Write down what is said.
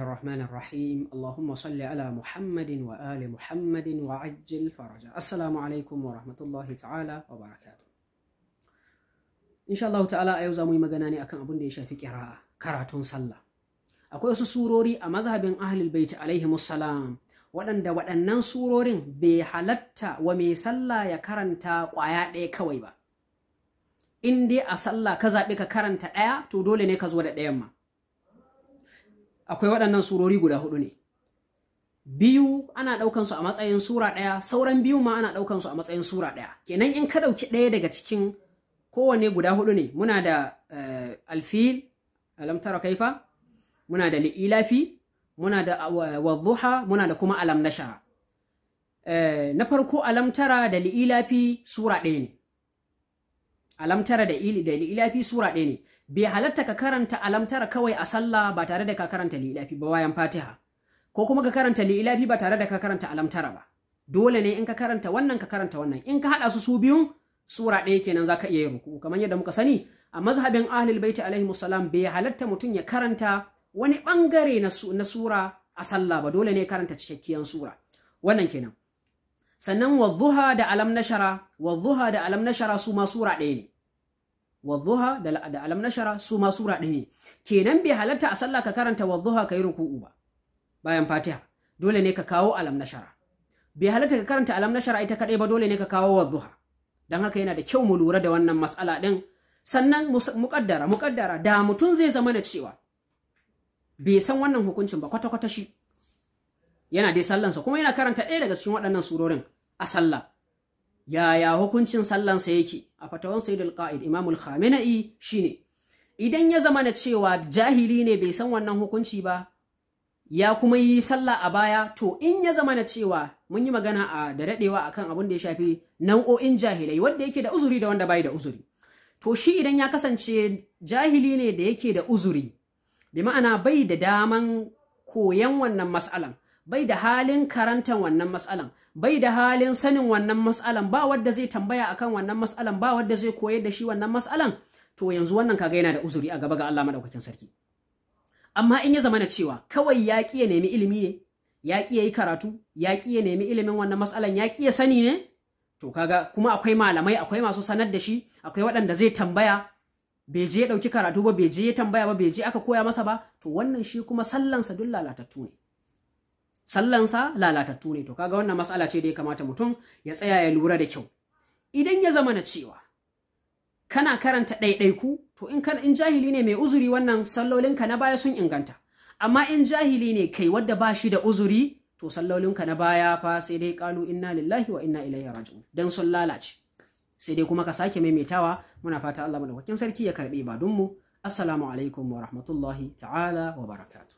الرحمن الرحيم اللهم صل على محمد وآل محمد وعجل فرجا السلام عليكم ورحمة الله تعالى وبركاته إن شاء الله تعالى أيوزا مي مغناني أكام أبن ديشا في كراءة كراتون صلى أكو يسو سوروري أمذهب أهل البيت عليهم السلام waɗanda waɗannan surorin bai halatta wa mai sallah ya karanta ƙwaya ɗaya kawai ba in dai a sallah ka zaɓi ka karanta ɗaya to dole ne akwai waɗannan surori guda hudu ne biyu ana ɗaukan su a matsayin sura ɗaya sauran biyu ma ana ɗaukan su a matsayin sura ɗaya kenan in ka ɗauki ɗaya daga cikin kowanne guda hudu ne muna da eh, alfil alam tara kaifa muna da li'ilafi muna da wadduha muna da kuma alam nashara eh, na farko alam tara da li'ilafi sura ɗaya ne alamtara da ili da ilafi sura ɗaya ne bai halatta ka karanta alamtara kawai a sallah ba tare da ka karanta lilafi ba bayan fatiha ko kuma ka karanta lilafi ba tare da ka karanta alamtara ba dole ne in ka karanta wannan ka karanta wannan in ka haɗa su su biyun sura ɗaya kenan zaka iya yin ruku kamar yadda muka sani a mazhabin ahlul baiti alaihi musallam bai halatta mutum ya karanta wani bangare na sura a sallah ba dole ne karanta cikakkiyar sura wannan kenan sannan wadduha da alam nashara wadduha da alam nashara su ma sura ɗaya ne wadduha da alam nashara su ma sura ɗaya ne kenan bai halatta a sallah ka karanta wadduha kai ruku'u ba bayan fatiha dole ne ka kawo alam nashara bai halatta ka karanta alam nashara ita kadai ba dole ne ka kawo wadduha dan haka yana da kyau mu lura da wannan matsala din sannan muƙaddara muƙaddara da mutum zai zama na cewa bai san wannan hukuncin ba kwata-kwata shi yana dai sallansa kuma yana karanta ɗaya daga cikin waɗannan surorin a sallah yaya hukuncin sallansa yake a fatawan Sayyidul qaid imamul shine idan ya zama na cewa jahili ne bai san wannan hukunci ba ya kuma yi sallah a baya to in ya zama na cewa mun yi magana a da dadewa akan abin da ya shafi nau'o'in jahilai wanda yake da uzuri da wanda bai da uzuri to shi idan ya kasance jahili ne da yake da uzuri bi ma'ana bai da daman koyan wannan mas'alan bai da halin karantan wannan matsalan bai da halin sanin wannan matsalan ba wadda zai tambaya akan wannan matsalan ba wadda zai koyar da shi wannan matsalan to yanzu wannan kaga yana da uzuri a gaba ga Allah madaukakin sarki amma in ya zama na cewa kawai ya ya nemi ilimi ne ya ya yi karatu ya ya nemi ilimin wannan matsalan ya ya sani ne to kaga kuma akwai malamai akwai masu sanar da shi akwai waɗanda zai tambaya bai je ya ɗauki karatu ba bai je ya tambaya ba bai je aka koya masa ba to wannan shi kuma sallansa duk lalatattu ne sallansa lalatattu ne to kaga wannan matsala ce da ya kamata mutum ya tsaya ya lura da kyau idan ya zama na cewa kana karanta ɗaiɗaiku to in kan in jahili ne mai uzuri wannan sallolinka na baya sun inganta amma in jahili ne kai wadda ba shi da uzuri to sallolinka na baya fa sai dai kalu inna lillahi wa inna ilaihi raji'un dan sun lalace sai dai kuma ka sake maimaitawa muna fata Allah madaukakin sarki ya karbe ibadunmu assalamu alaikum wa rahmatullahi ta'ala wa barakatuh